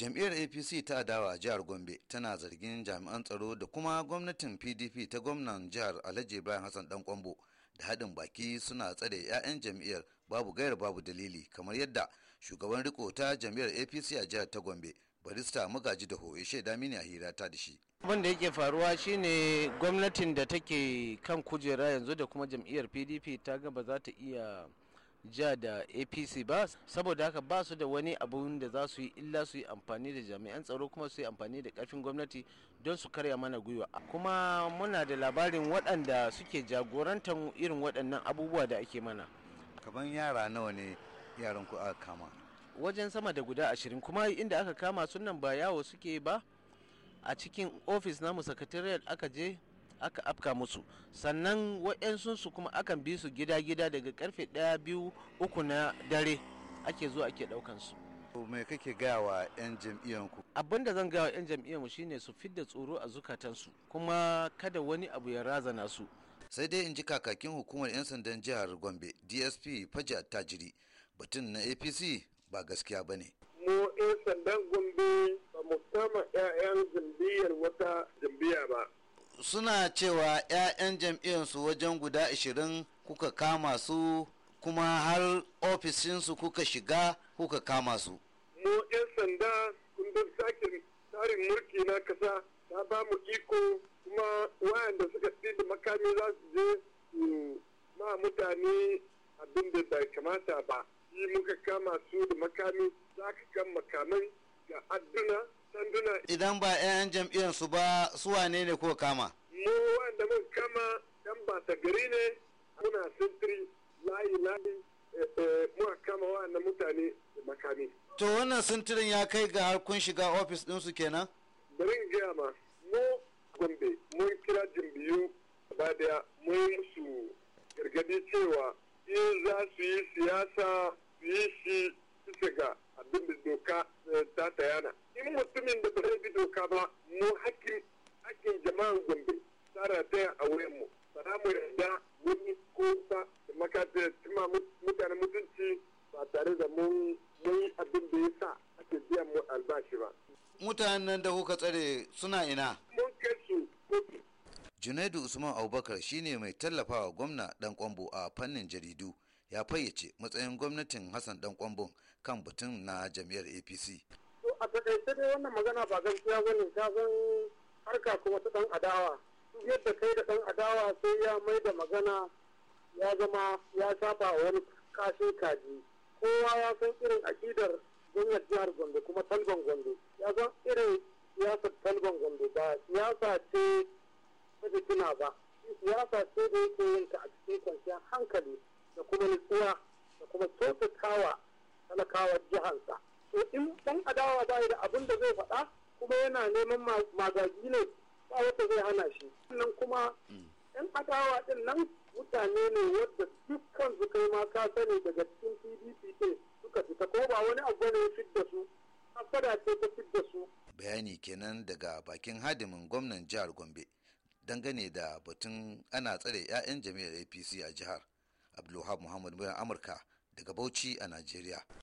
jam'iyyar apc ta adawa jihar gombe tana zargin jami'an tsaro da kuma gwamnatin pdp ta gwamnan jihar alhaji ibrahim hassan dan kwambo da haɗin baki suna tsare 'ya'yan jam'iyyar babu gayar babu dalili kamar yadda shugaban riko ta jam'iyyar apc a jihar ta gombe barista magaji da hoye shaida mini a hira ta da shi abin da yake faruwa shine gwamnatin da take kan kujera yanzu da kuma jam'iyyar pdp ta gaba ba za ta iya jiya da apc ba saboda haka ba su da wani abun da za su yi illa su yi amfani da jami'an tsaro kuma su yi amfani da karfin gwamnati don su karya mana gwiwa kuma muna da labarin waɗanda suke jagorantar irin waɗannan abubuwa da ake mana kaban yara nawa ne yaran ku aka kama wajen sama da guda ashirin kuma inda aka kama sunan ba yawo suke ba a cikin ofis namu sakatariyar aka je aka afka musu sannan waɗansunsu kuma akan bi su gida-gida daga karfe ɗaya biyu uku na dare ake zuwa ake ɗaukan su me kake wa 'yan jam'iyyanku abin da zan gaya wa 'yan mu shine su fidda tsoro a zukatansu kuma kada wani abu ya razana su sai dai in ji kakakin hukumar 'yan sandan jihar gombe dsp faja tajiri batun na apc ba gaskiya ba mu 'yan sandan gombe ba mu kama 'ya'yan jam'iyyar wata jam'iyya ba suna cewa 'ya'yan jam'iyyarsu wajen guda ashirin kuka kama su kuma har ofishinsu kuka shiga kuka kama su. Mu 'yan sanda kundin sakin tsarin mulki na kasa ta ba mu iko kuma wayanda suka da makami za su je su ma mutane abin da bai kamata ba. Yi muka kama su da makami za ka kan makamai ga adduna sanduna. Idan ba 'yan jam'iyyar su ba su ne ne ko kama? Mu wanda mun kama dan ta gari ne muna sintiri layi layi eh, eh, muka kama wa'annan mutane makami. To wannan sintirin ya kai ga har shiga ofis ɗinsu kenan? Bari in gaya ma mu Gombe mun kira jimbiyu ba daya mun su gargadi cewa in za su yi siyasa su yi shi tsara mu ba mu yarda wani ko ta mutane mutunci da ya sa ake ba. mutanen da kuka tsare suna ina. junaidu usman abubakar shine mai tallafawa gwamna dan kwambo a fannin jaridu ya fayyace matsayin gwamnatin hassan dan kwambo kan batun na jam'iyyar apc. a takaice dai wannan magana ba gaskiya bane ta san harka kuma ta ɗan adawa yadda kai da ɗan adawa sai ya mai da magana ya zama ya saba wani kashe kaji kowa ya san irin akidar gwamnati jihar gombe kuma talban gombe ya san irin siyasar talban gombe ba siyasa ce ta fitina ba siyasa ce da yake yin ta a cikin kwanciyar hankali da kuma nutsuwa da kuma kyautatawa talakawar jihansa to in dan adawa ba da abin da zai faɗa kuma yana neman magaji ne ba wata zai hana shi sannan kuma mm. yan adawa din nan mutane ne wadda dukkan su kai ma ka sani daga cikin pdp ne suka fita ko ba wani abu ne fit da su hasada ce ta fit da su bayani kenan daga bakin hadimin gwamnan jihar gombe dangane da batun ana tsare 'ya'yan jami'ar apc a jihar abdulwahab muhammad bayan amurka daga bauchi a najeriya